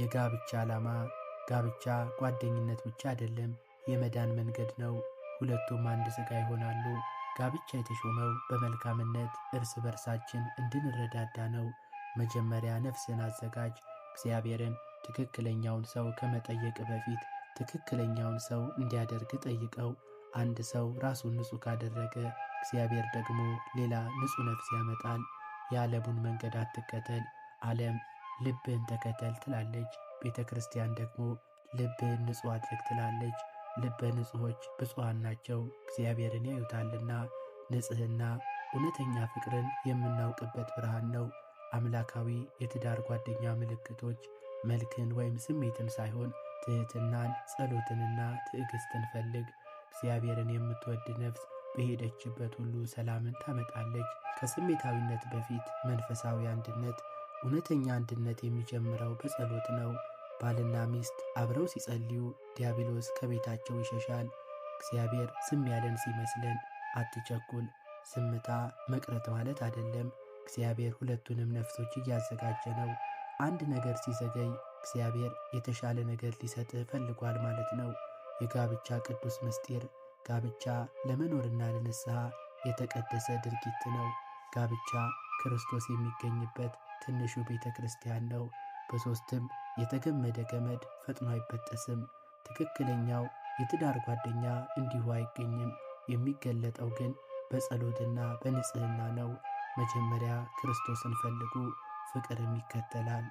የጋብቻ ዓላማ ጋብቻ ጓደኝነት ብቻ አይደለም፣ የመዳን መንገድ ነው። ሁለቱም አንድ ሥጋ ይሆናሉ። ጋብቻ የተሾመው በመልካምነት እርስ በርሳችን እንድንረዳዳ ነው። መጀመሪያ ነፍስን አዘጋጅ። እግዚአብሔርን ትክክለኛውን ሰው ከመጠየቅ በፊት ትክክለኛውን ሰው እንዲያደርግ ጠይቀው። አንድ ሰው ራሱን ንጹሕ ካደረገ እግዚአብሔር ደግሞ ሌላ ንጹሕ ነፍስ ያመጣል። የዓለሙን መንገድ አትከተል። ዓለም ልብን ተከተል ትላለች። ቤተ ክርስቲያን ደግሞ ልብን ንጹሕ አድርግ ትላለች። ልበ ንጹሖች ብፁዓን ናቸው እግዚአብሔርን ያዩታልና። ንጽህና እውነተኛ ፍቅርን የምናውቅበት ብርሃን ነው። አምላካዊ የትዳር ጓደኛ ምልክቶች መልክን ወይም ስሜትን ሳይሆን ትህትናን፣ ጸሎትንና ትዕግስትን ፈልግ። እግዚአብሔርን የምትወድ ነፍስ በሄደችበት ሁሉ ሰላምን ታመጣለች። ከስሜታዊነት በፊት መንፈሳዊ አንድነት እውነተኛ አንድነት የሚጀምረው በጸሎት ነው። ባልና ሚስት አብረው ሲጸልዩ ዲያብሎስ ከቤታቸው ይሸሻል። እግዚአብሔር ዝም ያለን ሲመስለን አትቸኩል። ዝምታ መቅረት ማለት አይደለም። እግዚአብሔር ሁለቱንም ነፍሶች እያዘጋጀ ነው። አንድ ነገር ሲዘገይ እግዚአብሔር የተሻለ ነገር ሊሰጥ ፈልጓል ማለት ነው። የጋብቻ ቅዱስ ምስጢር ጋብቻ ለመኖርና ለንስሐ የተቀደሰ ድርጊት ነው። ጋብቻ ክርስቶስ የሚገኝበት ትንሹ ቤተ ክርስቲያን ነው። በሦስትም የተገመደ ገመድ ፈጥኖ አይበጠስም። ትክክለኛው የትዳር ጓደኛ እንዲሁ አይገኝም። የሚገለጠው ግን በጸሎትና በንጽህና ነው። መጀመሪያ ክርስቶስን ፈልጉ፣ ፍቅርም ይከተላል።